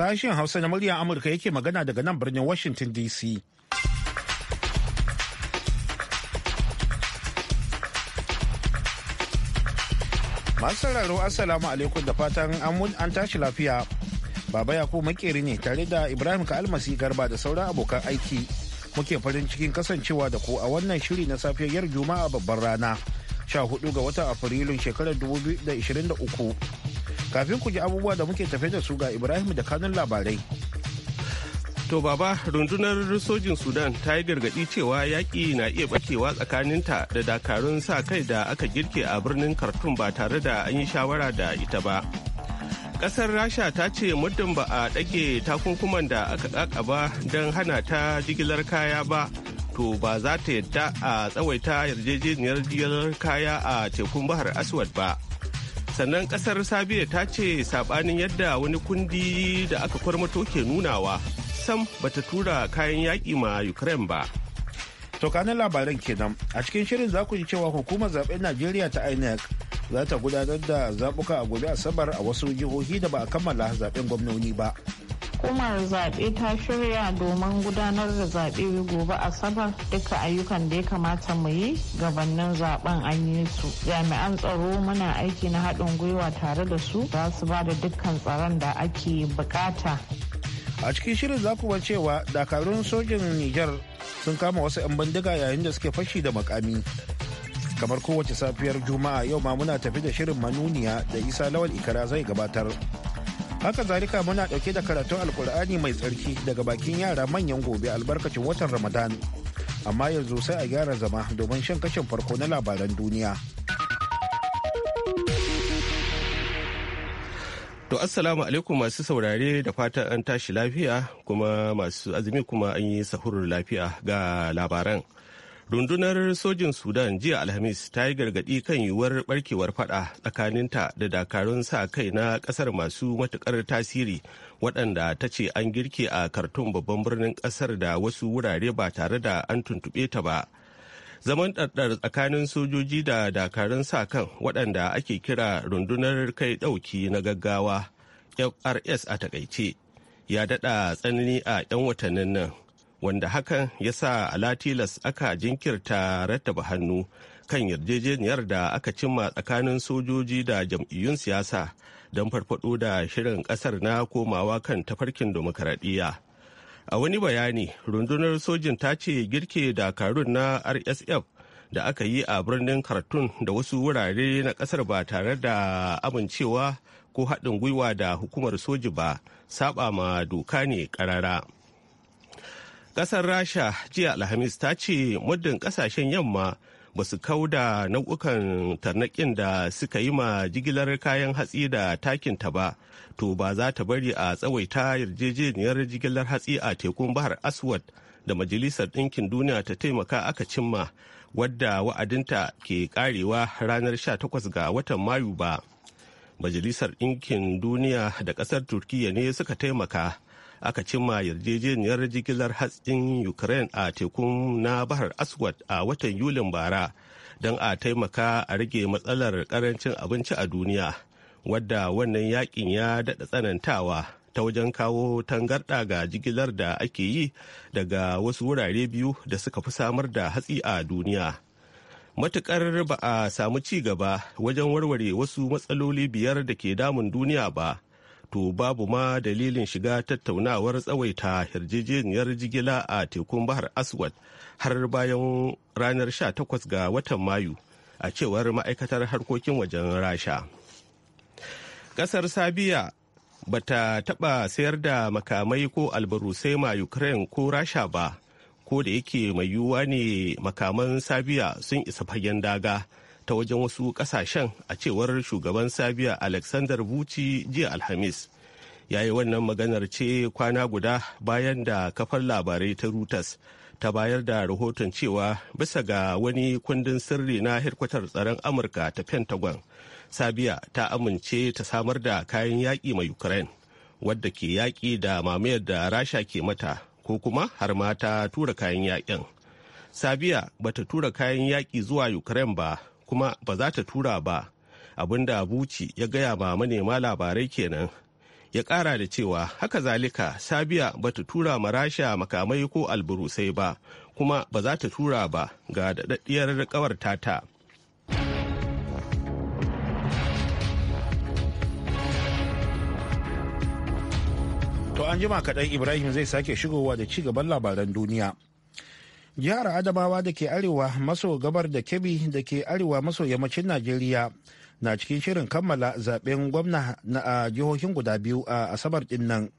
Sashen Hausa na muryar Amurka yake magana daga nan birnin Washington DC. Masu sauraro Assalamu alaikum da fatan an tashi lafiya. Baba Yakubu makeri ne tare da Ibrahim Ka'almasi Garba da sauran abokan aiki. Muke farin cikin kasancewa da ku a wannan shiri na safiyar Juma'a babban rana. 14 ga watan Afrilun shekarar 2023. kafin ku ji abubuwa da muke tafe da su ga ibrahim da kanun labarai to baba rundunar sojin sudan ta yi gargaɗi cewa yaƙi na iya ɓakewa tsakaninta da dakarun sa kai da aka girke a birnin khartoum ba tare da an yi shawara da ita ba ƙasar rasha ta ce muddin ba a ɗage takunkuman da aka ƙaƙa ba don hana ta jigilar kaya ba to ba za ta yadda a tsawaita yarjejeniyar jigilar kaya a tekun bahar aswad ba sannan kasar sabiya ta ce sabanin yadda wani kundi da aka kwarmato ke nunawa sam bata tura kayan yaƙi ma ukraine ba to kanin labaran kenan a cikin shirin za ku ji cewa hukumar zaben najeriya ta inec za ta gudanar da zaɓuka a gobe asabar a wasu jihohi da ba a kammala zaben gwamnoni ba hukumar zaɓe ta shirya domin gudanar da zaɓe gobe asabar duka ayyukan da ya kamata mu yi gabanin zaben an yi su jami'an tsaro muna aiki na haɗin gwiwa tare da su za su ba da dukkan tsaron da ake bukata a cikin shirin za ku cewa dakarun sojin niger sun kama wasu 'yan bindiga yayin da suke fashi da makami kamar kowace safiyar juma'a yau ma muna tafi da shirin manuniya da isa lawal ikara zai gabatar haka zalika muna dauke da karatun alkur'ani mai tsarki daga bakin yara manyan gobe albarkacin watan ramadan amma yanzu sai a gyara zama domin shan kashin farko na labaran duniya to assalamu alaikum masu saurare da fatan an tashi lafiya kuma masu azumi kuma an yi sahurin lafiya ga labaran rundunar sojin sudan jiya alhamis ta yi gargadi kan yiwuwar barkewar fada tsakaninta da dakarun sa kai na kasar masu matukar tasiri waɗanda ta ce an girke a kartun babban birnin kasar da wasu wurare ba tare da an tuntuɓe ta ba zaman ɗarɗar tsakanin sojoji da dakarun sa kan waɗanda ake kira rundunar kai ɗauki na gaggawa frs a takaice ya daɗa tsanani a 'yan watannin nan wanda hakan ya sa alatilas aka jinkirta rattaba hannu kan yarjejeniyar da aka cimma tsakanin sojoji da jam'iyyun siyasa don farfado da shirin kasar na komawa kan tafarkin demokaradiyya. a wani bayani rundunar sojin ta ce girke dakarun na rsf da aka yi a birnin khartoum da wasu wurare na kasar ba tare da amincewa ko haɗin gwiwa da hukumar soji ba saba ma doka ne ƙarara. Ƙasar Rasha jiya Alhamis ta ce muddin ƙasashen yamma ba su da nau'ukan tarnaƙin da suka yi ma jigilar kayan hatsi da takin ta ba to ba za ta bari a tsawaita yarjejeniyar jigilar hatsi a tekun bahar aswad da majalisar ɗinkin duniya ta taimaka aka cimma wadda wa'adinta ke karewa ranar 18 ga watan mayu ba majalisar ɗinkin duniya da ƙasar turkiyya ne suka taimaka aka cimma yarjejeniyar jigilar hatsin ukraine a tekun na bahar aswad a watan yulin bara don a taimaka a rage matsalar karancin abinci a duniya wadda wannan yakin ya daɗa tsanantawa ta wajen kawo tangarɗa ga jigilar da ake yi daga wasu wurare biyu da suka fi samar da hatsi a duniya matuƙar ba a samu ci gaba wajen warware wasu matsaloli biyar da ke damun duniya ba to babu ma dalilin shiga tattaunawar tsawaita yarjejeniyar jigila a tekun bahar aswad har bayan ranar 18 ga watan mayu a cewar ma'aikatar harkokin wajen rasha ƙasar sabiya ba ta taɓa sayar da makamai ko albarusai ma ukraine ko rasha ba ko da yake mai yiwuwa ne makaman sabiya sun isa fagen daga ta wajen wasu kasashen a cewar shugaban sabiya alexander buci jiya alhamis ya yi wannan maganar ce kwana guda bayan da kafar labarai ta reuters ta bayar da rahoton cewa bisa ga wani kundin sirri na hirkwatar tsaron amurka ta pentagon sabiya ta amince ta samar da kayan yaƙi mai ukraine wadda ke yaƙi da mamayar da rasha ke mata ko kuma har ma ta tura kayan yaƙin sabiya bata tura kayan yaƙi zuwa ukraine ba kuma ba za ta tura ba abin da abuci ya gaya ma manema labarai kenan ya kara da cewa haka zalika sabiya ba ta tura ma rasha makamai ko alburusai ba kuma ba za ta tura ba ga daɗaɗɗiyar kawar tata to an jima kaɗan ibrahim zai sake shigowa da ci gaban labaran duniya jihar adamawa da ke arewa maso gabar da kebbi da ke arewa maso yammacin najeriya na cikin shirin kammala zaben gwamna na jihohin guda biyu a asabar din nan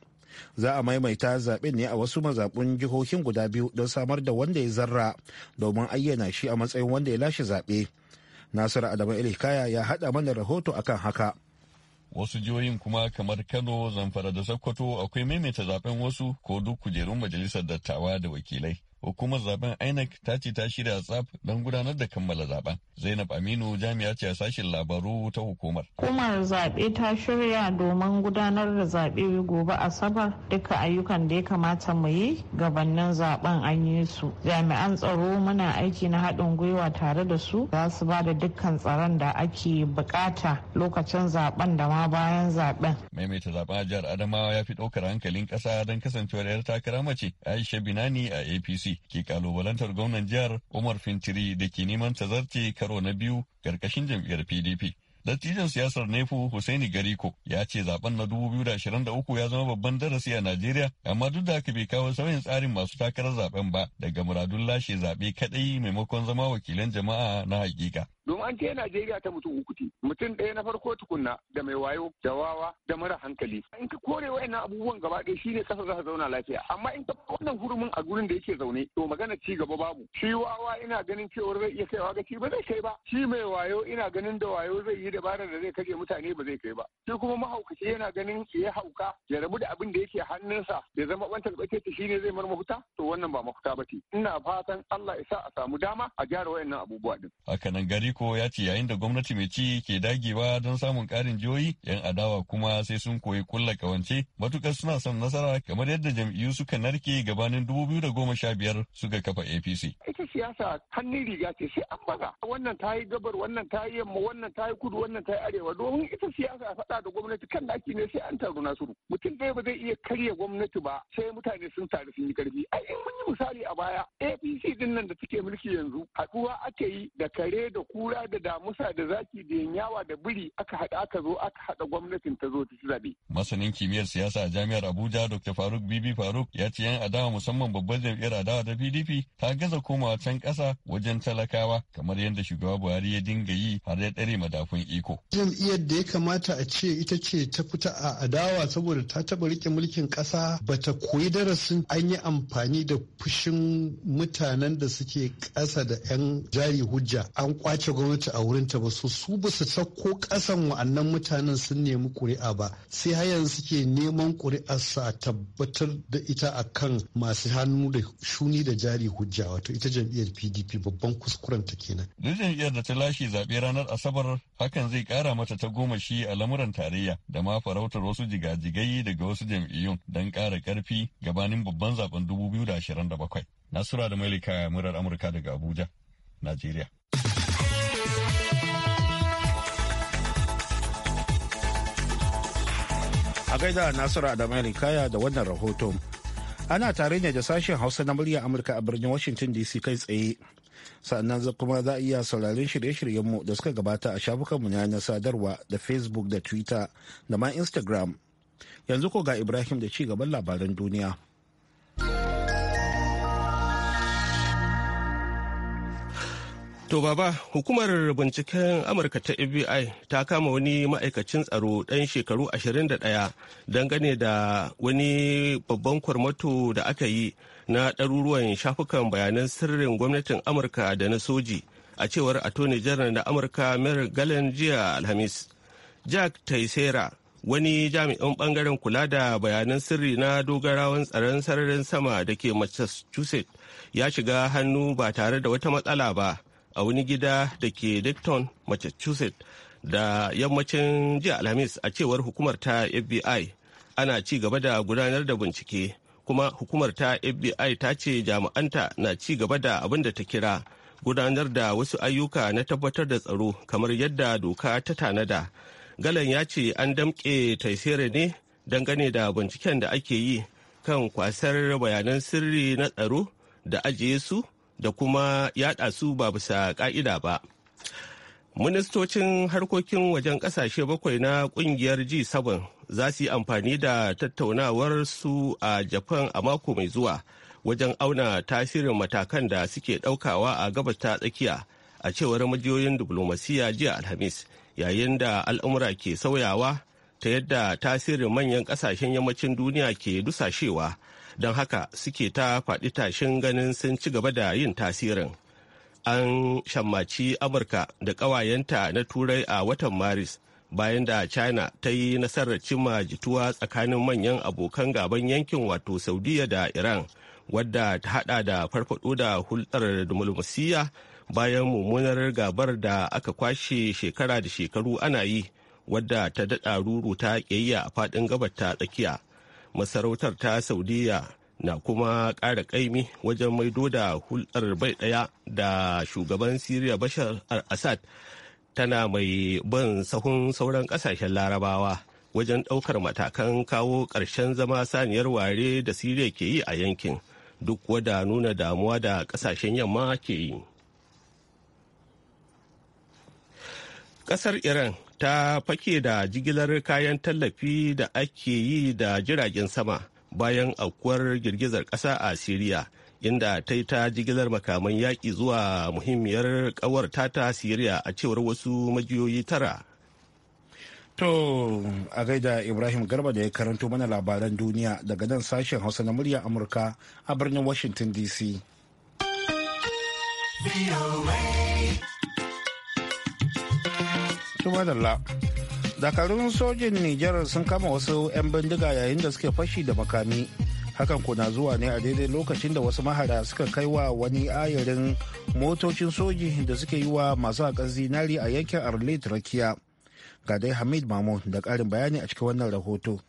za a maimaita zaben ne a wasu mazaɓun jihohin guda biyu don samar da wanda ya zarra domin ayyana shi a matsayin wanda ya lashe zaɓe nasiru adamu ilikaya ya haɗa mana rahoto akan haka wasu jihohin kuma kamar kano zamfara da sokoto akwai maimaita zaben wasu ko duk kujerun majalisar dattawa da wakilai hukumar zaben INEC ta ce ta shirya tsaf don gudanar da kammala zaben. Zainab Aminu jami'a ce a sashen labaru ta hukumar. Hukumar zaɓe ta shirya domin gudanar da zaɓe gobe Asabar duka ayyukan da ya kamata mu yi gabanin zaben an yi su. Jami'an tsaro muna aiki na haɗin gwiwa tare da su za su ba da dukkan tsaron da ake bukata lokacin zaben da ma bayan zaben. Maimaita zaben a jihar Adamawa ya fi ɗaukar hankalin ƙasa don kasancewar 'yar takara mace Aisha Binani a APC. ke kalubalantar gwamnan jihar Umar Fintiri da ke neman ta zarce karo na biyu karkashin jam'iyyar PDP. Dattijan siyasar Nefu Hussaini Gariko ya ce zaben na 2023 ya zama babban darasi a Najeriya, amma duk da haka bai kawo sauyin tsarin masu takarar zaben ba daga muradun lashe zaɓe kaɗai maimakon zama wakilan jama'a na hakika. domin an ce Najeriya ta mutum uku ce mutum ɗaya na farko tukunna da mai wayo da wawa da mara hankali in ka kore wayannan abubuwan gaba ɗaya shine kasa za ta zauna lafiya amma in ka wannan hurumin a gurin da yake zaune to magana ci gaba babu shi wawa ina ganin cewar zai iya kaiwa ci ba zai kai ba shi mai wayo ina ganin da wayo zai yi dabarar da zai kaje mutane ba zai kai ba shi kuma mahaukaci yana ganin ya hauka ya rabu da abin da yake hannunsa ya zama ban talbace ta shine zai mar mafuta to wannan ba mafuta ba ce ina fatan Allah ya sa a samu dama a gyara wayannan abubuwa din Aliko ya ce yayin da gwamnati mai ci ke dagewa don samun karin jihohi, 'yan adawa kuma sai sun koyi kulla kawance matukar suna son nasara kamar yadda jam'iyyu suka narke gabanin dubu biyu da goma sha biyar suka kafa APC. Ita siyasa hannun riga ce sai an baza. Wannan ta yi gabar, wannan ta yi yamma, wannan ta yi kudu, wannan ta yi arewa. Domin ita siyasa a faɗa da gwamnati kan daki ne sai an taru nasuru Mutum ɗaya ba zai iya karya gwamnati ba sai mutane sun taru sun yi karfi. Ai in mun yi misali a baya APC din nan da suke mulki yanzu haɗuwa ake yi da kare da ku kura da damusa da zaki da yanyawa da biri aka haɗa aka zo aka haɗa gwamnatin ta zo ta ci zaɓe. Masanin kimiyyar siyasa a jami'ar Abuja Dr. Faruk Bibi Faruk ya ce yan adawa musamman babbar jam'iyyar adawa ta PDP ta gaza komawa can ƙasa wajen talakawa kamar yadda shugaba Buhari ya dinga yi har ya ɗare madafun iko. Jam'iyyar da ya kamata a ce ita ce ta fita a adawa saboda ta taɓa rike mulkin ƙasa bata koyi darasin an yi amfani da fushin mutanen da suke ƙasa da 'yan jari hujja an kwace ita gwamnati a wurinta ba so su ba su sako kasan wa'annan mutanen sun nemi kuri'a ba sai har yanzu suke neman ƙuri'ar sa tabbatar da ita a kan masu hannu da shuni da jari hujja wato ita jam'iyyar pdp babban kuskuren ta kenan duk jam'iyyar da ta lashe zaɓe ranar asabar hakan zai ƙara mata ta goma shi a lamuran tarayya da ma farautar wasu jigajigai daga wasu jam'iyyun don kara ƙarfi gabanin babban zaben 2027 nasura da malika murar amurka daga abuja najeriya A gaida Nasiru Adamu Kaya da wannan rahoton. Ana tare ne da sashen Hausa na murya Amurka a birnin Washington DC kai tsaye. Sannan kuma za a iya sauraron shirye-shiryenmu da suka gabata a shafukanmu na sadarwa da Facebook da Twitter da ma Instagram. Yanzu ko ga Ibrahim da ci gaban labaran duniya. To baba hukumar binciken Amurka ta FBI ta kama wani ma'aikacin tsaro ɗan shekaru 21 dangane da wani babban kwarmato da aka yi na ɗaruruwan shafukan bayanan sirrin gwamnatin Amurka da na soji a cewar Attorney General na Amurka Merrick Garland jiya Alhamis. Jack Taisera wani jami'in ɓangaren kula da bayanan sirri na dogarawan tsaron sararin sama da ke massachusetts ya shiga hannu ba tare da wata matsala ba a wani gida da ke Dayton, Massachusetts da yammacin jiya Alhamis a cewar hukumar ta FBI ana ci gaba da gudanar da bincike kuma hukumar ta FBI ta ce jami'anta na ci gaba da abin da ta kira gudanar da wasu ayyuka na tabbatar da tsaro kamar yadda doka ta tanada. Galan ya ce an damƙe taisere ne dangane da binciken da ake yi kan kwasar bayanan sirri na tsaro da ajiye su da kuma yada su ba bisa ka'ida ba ministocin harkokin wajen kasashe bakwai na kungiyar g7 za su yi amfani da tattaunawar su a japan a mako mai zuwa wajen auna tasirin matakan da suke daukawa a gabas ta tsakiya a cewar majiyoyin diplomasiya jiya alhamis yayin da al'umura ke sauyawa ta yadda tasirin manyan kasashen yammacin duniya ke dusashewa don haka suke ta faɗi tashin ganin sun ci gaba da yin tasirin an shammaci amurka da ƙawayenta na turai a watan maris bayan da china ta yi nasarar cimma jituwa tsakanin manyan abokan gaban yankin wato saudiya da iran wadda ta haɗa da farfaɗo da hulɗar dumulmasiya bayan mummunar gabar da aka kwashe shekara da shekaru ana yi wadda ta daɗa ruruta ƙiyayya a faɗin gabar ta tsakiya masarautar ta saudiya na kuma ƙara ƙaimi wajen maido da hulɗar bai ɗaya da shugaban siriya bashar al-assad tana mai bin sahun sauran ƙasashen larabawa wajen ɗaukar matakan kawo ƙarshen zama saniyar ware da siriya ke yi a yankin duk wada nuna damuwa da ƙasashen yamma ke yi ƙasar iran ta fake da jigilar kayan tallafi da ake yi da jiragen sama bayan aukuwar girgizar ƙasa a siriya inda ta yi ta jigilar makaman yaƙi zuwa muhimmiyar ƙawar ta siriya a cewar wasu majiyoyi tara To a gaida Ibrahim Garba da ya karanto mana labaran duniya daga nan sashen Hausa na murya Amurka a birnin Washington DC. la Dakarun sojin Nijar sun kama wasu 'yan bindiga yayin da suke fashi da makami. Hakan kuna zuwa ne a daidai lokacin da wasu mahara suka kai wa wani ayarin motocin soji da suke yi wa masu haƙar zinari a yankin Arlit Rakiya. Ga dai Hamid Mahmud da karin bayani a cikin wannan rahoto.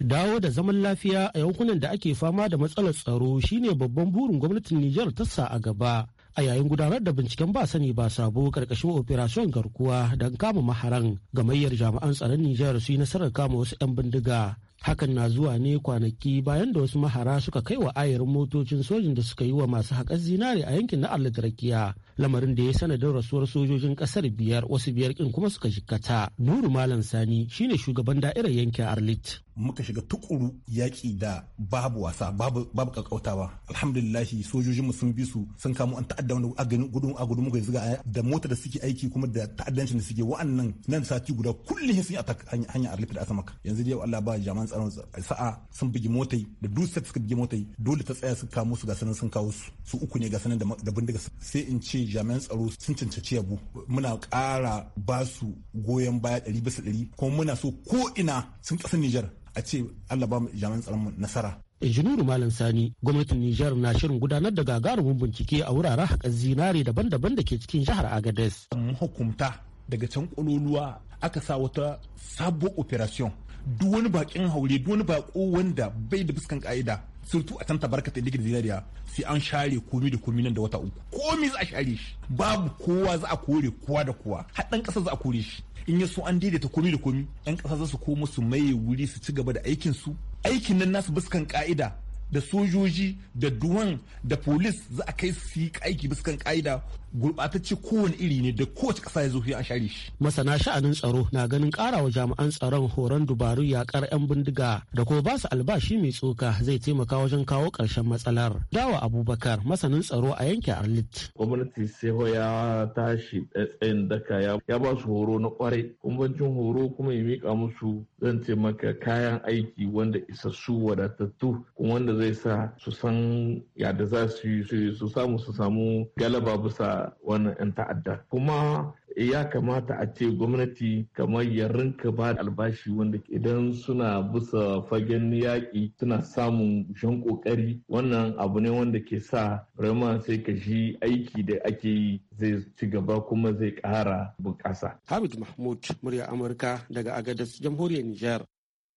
dawo da zaman lafiya a yankunan da ake fama da matsalar tsaro shine babban burin gwamnatin Nijar ta sa a gaba a yayin gudanar da binciken ba sani ba sabo karkashin operation garkuwa don kama maharan gamayyar jami'an tsaron Nijar su yi nasarar kama wasu 'yan bindiga hakan na zuwa ne kwanaki bayan da wasu mahara suka kai wa ayarin motocin sojin da suka yi wa masu haƙar zinare a yankin na Allatrakiya lamarin da ya sanadin rasuwar sojojin kasar biyar wasu biyar kin kuma suka shikata nuru malam sani shine shugaban da'irar yankin arlit muka shiga tukuru yaƙi da babu wasa babu babu kakkautawa alhamdulillahi sojojin mu sun bi su sun kamo an ta'adda wani agani gudun a muka zuga da mota da suke aiki kuma da ta'addancin da suke wa'annan nan sati guda kullum sun yi attack hanya arlit da asamaka yanzu dai Allah ba jaman tsaron sa'a sun bugi motai da dusa suka bugi motai dole ta tsaya su kamo su ga sanan sun kawo su su uku ne ga sanan da bindiga sai in ce jami'an tsaro sun cancanci yabo muna ƙara ba su goyon baya ɗari bisa ɗari kuma muna so ko ina sun ƙasar Nijar a ce Allah ba mu jami'an tsaron nasara. injiniru malam sani gwamnatin nijar na shirin gudanar da gagarumin bincike a wuraren haƙar zinare daban-daban da ke cikin jihar agades hukumta daga can ƙololuwa aka sa wata sabo operation duk wani bakin haure duk wani bako wanda bai da fuskan ka'ida surtu a tanta barkata da zinariya sai an share komi da komi nan da wata uku komi za a share shi babu kowa za a kore kowa da kowa haɗin ƙasa za a kore shi in ya so an daidaita komi da komi yan ƙasa za su koma su maye wuri su ci gaba da aikin su aikin nan nasu fuskan ka'ida da sojoji da duwan da polis za a kai su yi aiki fuskan ka'ida gurɓatacce kowane iri ne da kowace ƙasa ya zo an share shi. Masana sha'anin tsaro na ganin wa jami'an tsaron horon dubaru yaƙar 'yan bindiga da kuma ba su albashi mai tsoka zai taimaka wajen kawo ƙarshen matsalar. Dawa Abubakar masanin tsaro a yankin Arlit. Gwamnati sai ya tashi tsayin daka ya ba su horo na kwarai kumbancin horo kuma ya miƙa musu zan ce maka kayan aiki wanda isassu wadatattu kuma wanda zai sa su san yadda za su yi su samu su samu galaba bisa wani wannan 'yan ta'adda kuma ya kamata a ce gwamnati kamar ya rinka ba da albashi wanda idan suna bisa fagen yaƙi suna samun shan ƙoƙari wannan abu ne wanda ke sa rama sai ka shi aiki da ake yi zai ci gaba kuma zai ƙara bunƙasa. Hamid Mahmud, murya Amurka daga Agadas, Jamhuriyar Nijar.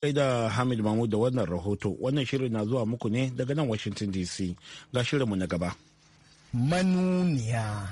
da Hamid Mahmud da wannan rahoto, wannan shirin na zuwa muku ne daga nan Washington DC. Ga shirinmu na gaba. manuniya.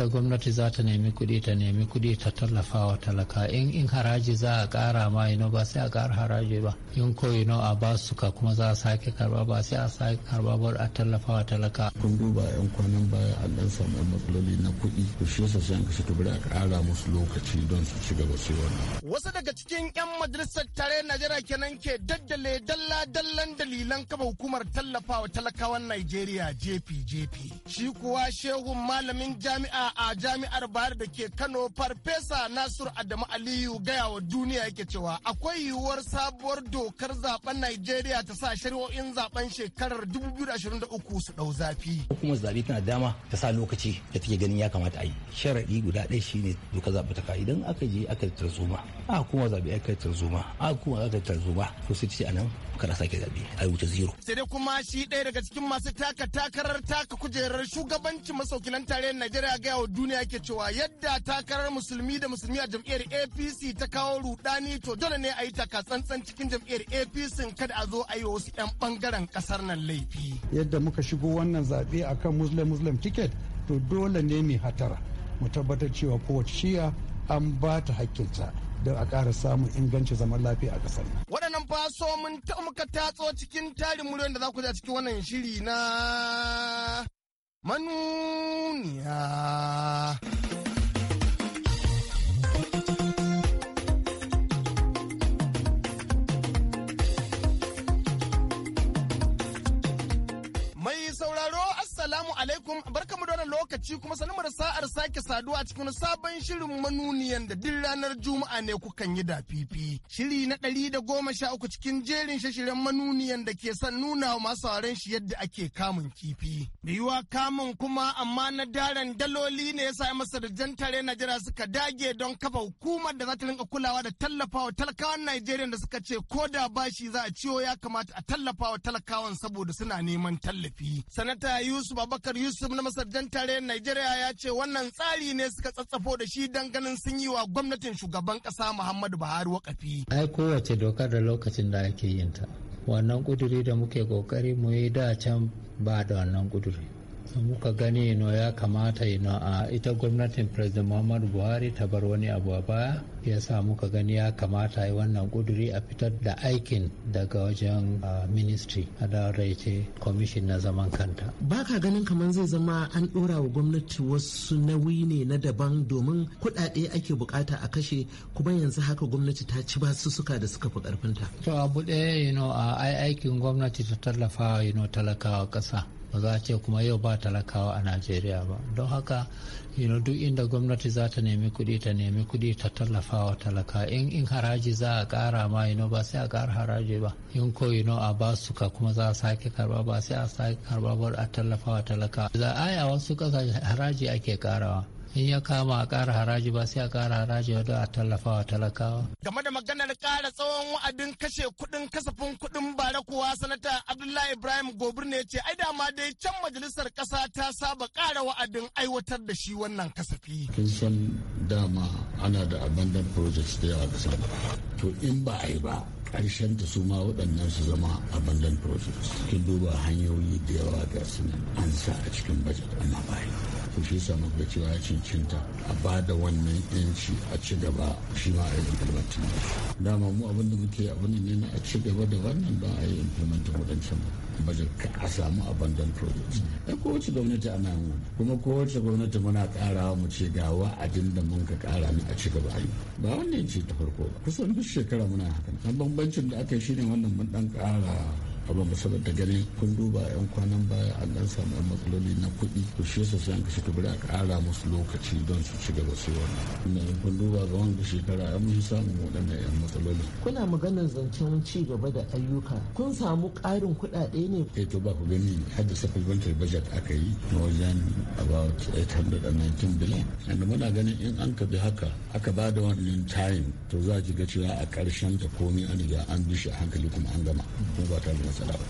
da gwamnati za ta nemi kuɗi ta nemi kuɗi ta tallafa wa talaka in in haraji za a ƙara ma ino ba sai a ƙara haraji ba in ko ino a ba su ka kuma za a sake karba ba sai a sake karba ba a tallafa wa talaka. kun duba yan kwanan baya an dan samu matsaloli na kuɗi to shi yasa sai an kashe a ƙara musu lokaci don su ci gaba su wannan. wasu daga cikin yan majalisar tare najeriya kenan ke daddale dalla-dallan dalilan kaba hukumar tallafa wa talakawan najeriya jpjp shi kuwa shehun malamin jami'a a jami'ar bayar da ke Kano Farfesa nasur Adamu Aliyu gaya wa duniya yake cewa akwai yiwuwar sabuwar dokar zaben nigeria ta sa shari'o'in zaben shekarar 2023 su dau zafi. Hukumar zabe tana dama ta sa lokaci da take ganin ya kamata a yi. Sharaɗi guda ɗaya shine dokar zaɓe ta idan aka je aka tarzoma a kuma zaɓe aka tarzoma a kuma aka tarzoma to sai ce anan kada sake zaɓe a wuce zero. Sai dai kuma shi ɗaya daga cikin masu taka takarar taka kujerar shugabanci masaukilan tarayyar Najeriya gaya kawo duniya ke cewa yadda takarar musulmi da musulmi a jam'iyyar apc ta kawo rudani to dole ne a yi taka cikin jam'iyyar apc kada a zo a yi wasu 'yan bangaren kasar nan laifi yadda muka shigo wannan zaɓe akan muslim muslim ticket to dole ne mai hatara mu tabbatar cewa kowace shiya an ba ta hakkinta don a ƙara samun inganci zaman lafiya a ƙasar. Waɗannan faso mun taɓa muka tatso cikin tarin muryoyin da za ku a cikin wannan shiri na manuniya. sauraro assalamu alaikum barkamu da lokaci kuma sanin da sa'ar sake saduwa cikin sabon shirin manuniyan da duk ranar juma'a ne kukan yi da fifi shiri na ɗari da goma sha uku cikin jerin shashiren manuniyan da ke son nuna wa masu sauran shi yadda ake kamun kifi da yiwa kamun kuma amma na daren daloli ne ya sa masa da jantare najeriya suka dage don kafa hukumar da za ta rinka kulawa da tallafawa talakawan najeriya da suka ce ko da bashi za a ciwo ya kamata a tallafawa talakawan saboda suna neman tallafi sanata Yusuf Abubakar Yusuf na masarjan tarayyar Najeriya ya ce wannan tsari ne suka tsatsafo da shi don ganin sun yi wa gwamnatin shugaban kasa Muhammadu Buhari wakafi. Ai kowace dokar da lokacin da ake yin ta. Wannan kuduri da muke kokari mu yi da can ba da wannan kuduri. muka gani no ya kamata no a ita gwamnatin president muhammadu buhari ta bar wani abu a baya ya sa muka gani ya kamata yi wannan kuduri a fitar da aikin daga wajen ministry a da raice commission na zaman kanta ba ka ganin kamar zai zama an dora wa gwamnati wasu nauyi ne na daban domin kudade ake bukata a kashe kuma yanzu haka gwamnati ta ci basu suka da suka fi karfinta to abu ɗaya yi a aikin gwamnati ta tallafa yi talakawa kasa. ba za ce kuma yau ba talakawa a najeriya ba don haka duk inda gwamnati za ta nemi kuɗi ta nemi kuɗi ta tallafa wa talaka in in haraji za a ƙara ma yino ba sai a ƙara haraji ba in ko yino a ba su ka kuma za a sake karba ba sai a sake karba ba a tallafa wa talaka za a yi a wasu ƙasashe haraji ake ƙarawa in ya kama a ƙara haraji ba sai a ƙara haraji wadda a tallafa wa talakawa. Game da maganar ƙara tsawon wa'adin kashe kuɗin kasafin kuɗin bara kuwa sanata Abdullahi Ibrahim Gobir ne ce ai dama dai can majalisar ƙasa ta saba ƙara wa'adin aiwatar da shi wannan kasafi. Kin san dama ana da abandon projects da yawa ƙasa. To in ba a yi ba karshen ta su ma waɗannan su zama abandon projects. Kin duba hanyoyi da yawa ga su an sa a cikin budget amma ba to shi da cewa ya cincinta a ba da wannan yanci a ci gaba shi ma a yi implementin dama mu abin da muke abin ne na a ci gaba da wannan don a yi implementin wadancan budget a samu abandon project ɗan kowace gwamnati ana yi kuma kowace gwamnati muna karawa mu ce ga wa'adin da mun ka kara ni a ci gaba yi ba wannan ce ta farko ba kusan duk shekara muna hakan bambancin da aka yi shine wannan mun dan kara abin ba saboda ganin kun duba yan kwanan baya an dan samu yan matsaloli na kuɗi to shi yasa sai an kashe kabiri a ƙara musu lokaci don su ci gaba su ina yin kun duba ga wanga shekara an mun samu waɗannan yan matsaloli. kuna maganar zancen ci gaba da ayyuka kun samu ƙarin kuɗaɗe ne. eh to ba ku gani hadda da supplementary budget aka yi na wajen about 819 billion and muna ganin in an ka bi haka aka ba da wannan time to za ki ga cewa a ƙarshen ta komai an riga an bi shi hankali kuma an gama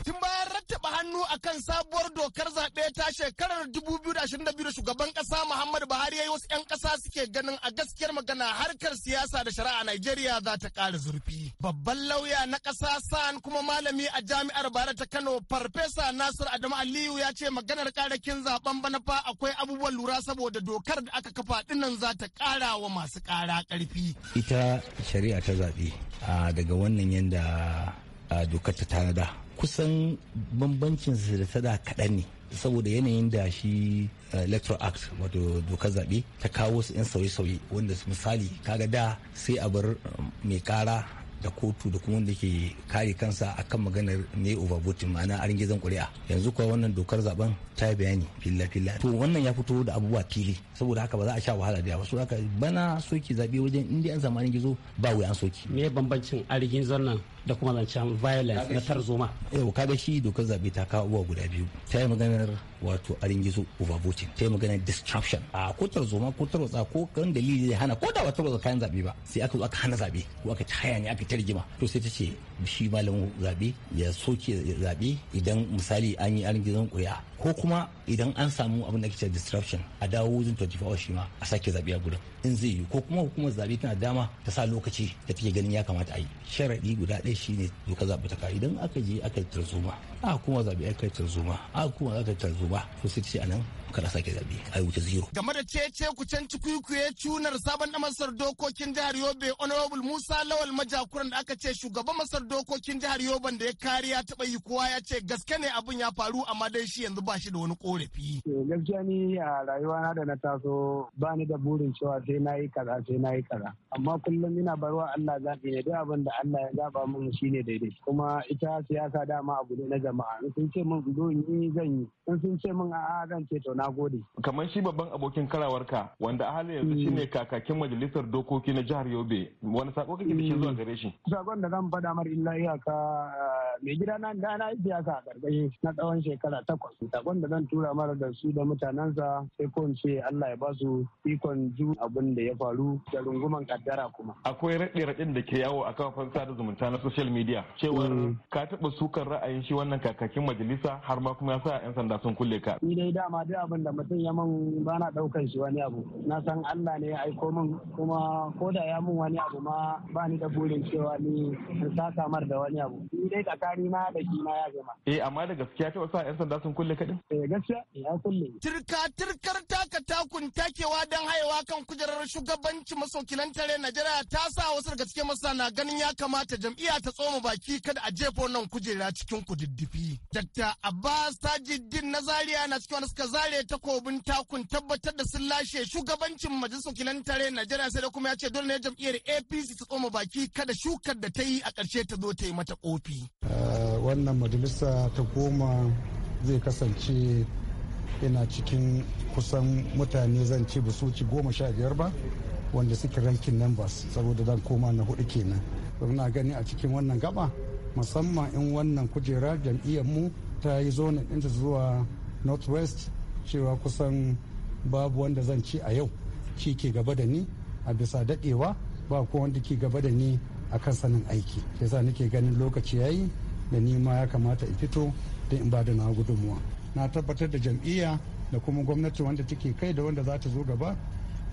Tun bayan rattaba hannu akan sabuwar dokar zaɓe ta shekarar 2022 shugaban ƙasa Muhammadu Buhari ya yi wasu 'yan ƙasa suke ganin a gaskiyar magana harkar siyasa da shari'a Najeriya za ta ƙara zurfi. Babban lauya na ƙasa san kuma malami a jami'ar Bara ta Kano Farfesa Nasir Adamu Aliyu ya ce maganar ƙarakin zaɓen bana fa akwai abubuwan lura saboda dokar da aka kafa dinnan za ta ƙara wa masu ƙara ƙarfi. Ita shari'a ta zaɓe daga wannan yanda A dokar ta tanada kusan bambancin su da ta da kaɗan ne saboda yanayin da shi eh, electoral act wato dokar zaɓe ta kawo su 'yan sauye-sauye wanda misali kaga da sai a bar um, mai kara da kotu da kuma wanda ke kare kansa a kan maganar ne overvoting ma'ana an gizon kuri'a yanzu kuwa wannan dokar zaben ta bayani filla filla to wannan ya fito da abubuwa fili saboda haka ba za a sha wahala da yawa su haka bana soki zabe wajen inda an samu gizo ba wuya an soki me bambancin arigin nan da kuma zancen violence na tarzoma yau kaga shi dokar zabe ta kawo abubuwa guda biyu ta yi maganar wato arin gizo overvoting ta yi maganar disruption a ko tarzoma ko tarwatsa ko kan dalili zai hana ko da ba tarwatsa kayan zabe ba sai aka zo aka hana zabe ko aka haya ne aka tarjima to sai ta ce shi malam zabe ya soke zabe idan misali an yi arin gizon kuri'a ko kuma idan an samu abin da ake cewa disruption a dawo wajen 24 hours shi ma a sake zabe a gurin in zai yi ko kuma hukumar zabe tana dama ta sa lokaci da take ganin ya kamata a yi sharadi guda ɗaya shi ne zo ka zaɓi taka idan aka je aka yi tarzoma aka kuma zaɓi aka yi tarzoma aka kuma aka yi tarzoma to sai ce anan kana sake zaɓe a wuce zero. game da cece kucen cikuikuye cunar sabon masar dokokin jihar yobe honorable musa lawal majakuran da aka ce shugaban masar dokokin jihar yoban da ya kariya taɓa yi kowa ya ce gaske ne abin ya faru amma dai shi yanzu ba shi da wani korafi. gaskiya ni a rayuwana da na taso ba ni da burin cewa sai na yi kaza sai na yi kaza amma kullum ina barwa Allah zaɓi ne duk abin da Allah ya zaba mun shine daidai kuma ita siyasa dama abu ne na jama'a sun ce min zo ni zan yi sun ce min a'a zan ce to na gode kamar shi babban abokin karawarka wanda a halin yanzu shine mm. kakakin majalisar dokoki na jihar yobe wani sako kake da shi zuwa mm. gare shi sakon da zan faɗa mar illa iyaka ah, mai gida na da na yi a gargaye na tsawon shekara takwas sakon da zan tura mara da su da mutanensa sai ko in ce Allah ya basu ikon ju abin da ya faru da runguman kaddara kuma akwai raɗe raɗin da ke yawo a kafafen sada zumunta na social media cewar mm. ka taɓa sukan ra'ayin shi wannan kakakin majalisa har ma kuma ya sa 'yan sanda sun kulle ka ni dai dama dai abin da mutum ya man ba na ɗaukan shi wani abu na san Allah ne ya aiko min kuma ko da ya min wani abu ma ba ni da burin cewa ni in saka mar da wani abu ni dai tsakani na da shi na ya gama eh amma da gaskiya ta wasa yan sanda sun kulle kadin eh gaskiya ya kulle Turka turkar taka takun takewa dan haihuwa kan kujerar shugabanci masokilan tare Najeriya ta sa wasu daga cikin masana na ganin ya kamata jam'iyya ta tsoma baki kada a jefa wannan kujera cikin kududdufi Dr. Abbas Tajiddin na Zaria na cikin wani suka zare ya takobin takun tabbatar da sun lashe shugabancin majalisar wakilan tare Najeriya sai da kuma ya ce dole ne jam'iyyar APC ta tsoma baki kada shukar da ta yi a ƙarshe ta zo ta yi mata kofi. Eh, wannan majalisa ta goma zai kasance yana cikin kusan mutane zan ce ba su ci goma sha biyar ba wanda suke rankin numbers saboda zan koma na hudu kenan. Muna gani a cikin wannan gaba musamman in wannan kujera jam'iyyar mu ta yi zonin inda zuwa northwest cewa kusan babu wanda zan ci a yau shi ke gaba da ni a bisa daɗewa ba ko wanda ke gaba da ni a kan sanin aiki ya sa nake ganin lokaci ya yi da ni ma ya kamata in fito da in ba da na gudunmuwa na tabbatar da jam'iyya da kuma gwamnati wanda take kai da wanda za ta zo gaba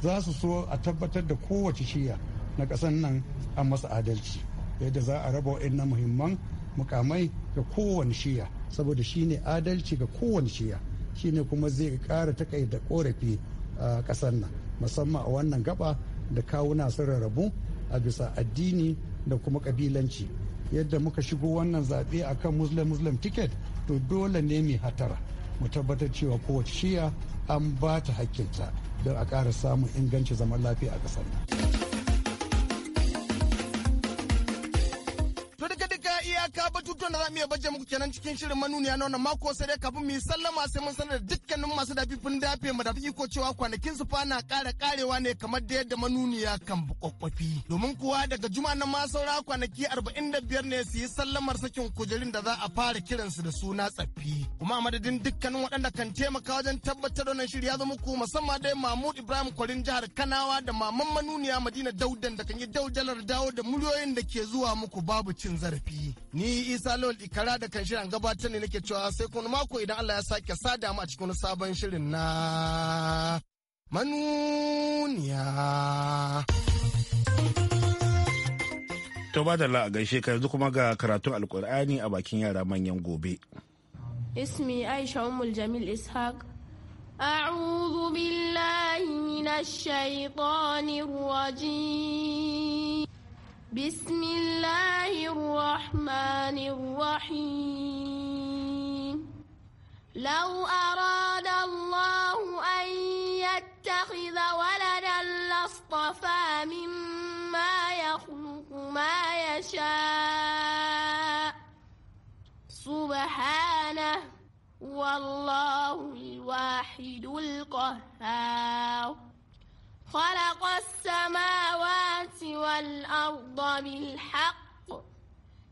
za su so a tabbatar da kowace shiya na kasan nan an masa adalci yadda za a raba wa'in muhimman mukamai ga kowane shiya saboda shi ne adalci ga kowane shiya shine kuma zai ƙara takaita korafi a ƙasar nan musamman a wannan gaba da kawuna sun rarrabu a bisa addini da kuma kabilanci yadda muka shigo wannan zaɓe akan muslim muslim ticket to dole ne mai hatara mu tabbatar cewa kowace shiya an ba ta hakkinta don a ƙara samun inganci zaman lafiya a ƙasar nan. batutuwan da za mu iya baje muku kenan cikin shirin manuniya na wannan mako sai dai kafin mu yi sallama sai mun sanar da dukkanin masu dafifin dafe mu dafi iko cewa kwanakin su fa na ƙara ƙarewa ne kamar da yadda manuniya kan bukwakwafi. Domin kuwa daga juma na ma saura kwanaki arba'in da biyar ne su yi sallamar sakin kujerun da za a fara kiransu da suna tsaffi. Kuma a madadin dukkanin waɗanda kan taimaka wajen tabbatar da wannan shirya zo muku musamman dai Mahmud Ibrahim Kwarin jihar Kanawa da Maman Manuniya Madina Daudan da kan yi daujalar dawo da muryoyin da ke zuwa muku babu cin zarafi. Ni Isa Isa Ikara da kan shirin gabatar ne nake cewa sai kun mako idan Allah ya sake sada mu a cikin sabon shirin na manuniya. To da la gaishe ka yanzu kuma ga karatun alkur'ani a bakin yara manyan gobe. Ismi Aisha Ummul Jamil Ishaq A'udhu billahi minash shaitani الرجيم بسم الله الرحمن الرحيم لو أراد الله أن يتخذ ولدا لاصطفى مما يخلق ما يشاء سبحانه والله الواحد القهار خلق السماوات والأرض بالحق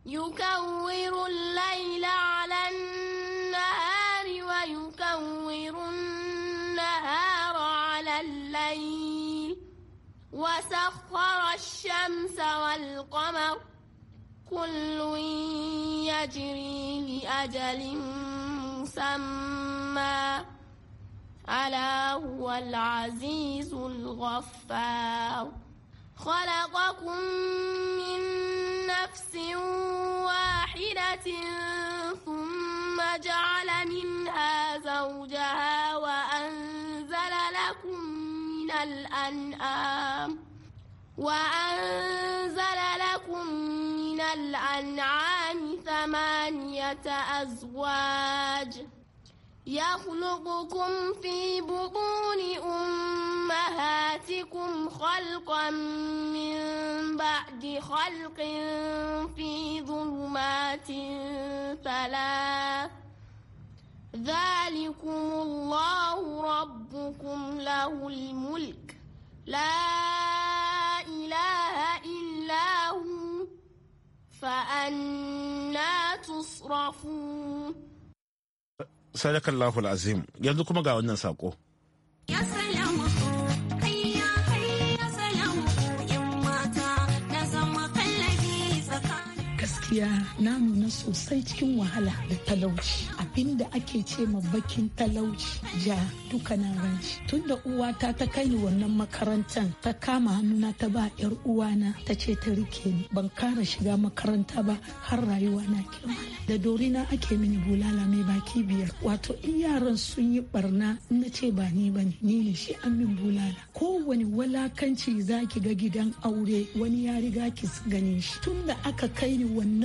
يكور الليل على النهار ويكور النهار على الليل وسخر الشمس والقمر كل يجري لأجل مسمى ألا هو العزيز الغفار خلقكم من نفس واحدة ثم جعل منها زوجها وأنزل لكم من الأنعام وأنزل لكم من الأنعام ثمانية أزواج يخلقكم في بطون أمهاتكم خلقا من بعد خلق في ظلمات ثلاث ذلكم الله ربكم له الملك لا إله إلا هو فأنا تصرفون sadakallahu azim yanzu kuma ga wannan sako gaskiya na nuna sosai cikin wahala da talauci abinda ake ce ma bakin talauci ja duka na ranci tunda uwata ta kai ni wannan makarantar ta kama hannuna ta ba yar uwana ta ce ta rike ni ban kara shiga makaranta ba har rayuwa na kirma da dorina ake mini bulala mai baki biyar wato in yaran sun yi barna in na ce ba ni bane ni ne shi an min bulala kowane walakanci zaki ga gidan aure wani ya riga ki gani shi tunda aka kai ni wannan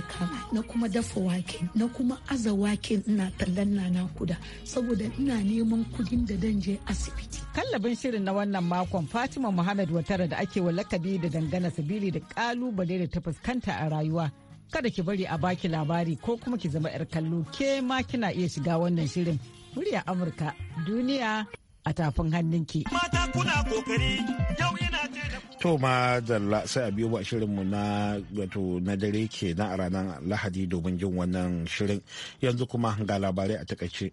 na kuma dafa wake na kuma aza wake ina tallan na nakuda saboda ina neman kudin da dan asibiti kallabin shirin na wannan makon fatima muhammad watara da ake wa lakabi da dangana sabili da kalubale da ta fuskanta a rayuwa kada ki bari a baki labari ko kuma ki zama 'yar kallo ke ma kina iya shiga wannan shirin murya amurka duniya a tafin hannunki. Mata To ma zalla sai a biyo ba shirinmu na wato na dare ke na a ranar Lahadi domin jin wannan shirin yanzu kuma ga labarai a takaice.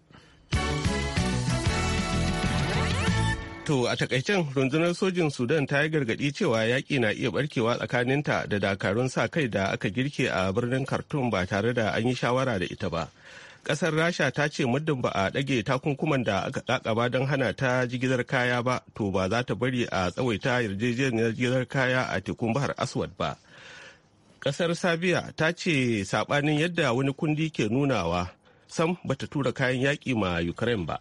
To a takaicen rundunar sojin Sudan ta yi gargaɗi cewa yaƙi na iya barkewa tsakaninta da dakarun sa kai da aka girke a birnin Khartoum ba tare da an yi shawara da ita ba. kasar rasha ta ce muddin ba a ɗage takunkuman da aka kakaba don hana ta jigilar kaya ba to ba za ta bari a tsawaita yarjejeniyar jigilar kaya a tekun bahar aswad ba kasar sabiya ta ce sabanin yadda wani kundi ke nunawa sam bata tura kayan yaƙi ma ukraine ba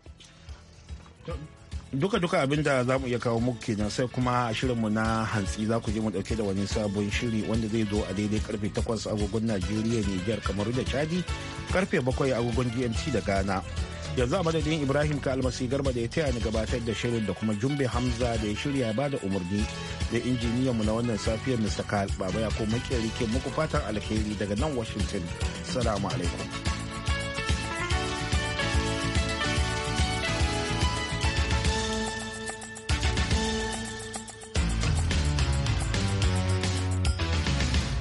duka-duka abinda za mu iya kawo muku kenan sai kuma a shirinmu na hantsi za ku je mu dauke da wani sabon shiri wanda zai zo a daidai karfe takwas agogon najeriya nijar kamaru da chadi karfe 7 agogon gmt da ghana yanzu a madadin ibrahim ka almasi garba da ya taya ni gabatar da shirin da kuma jumbe hamza da ya shirya ba da umarni da injiniyan mu na wannan safiyar mr kal baba ya ko makeri ke muku fatan alheri daga nan washington salamu alaikum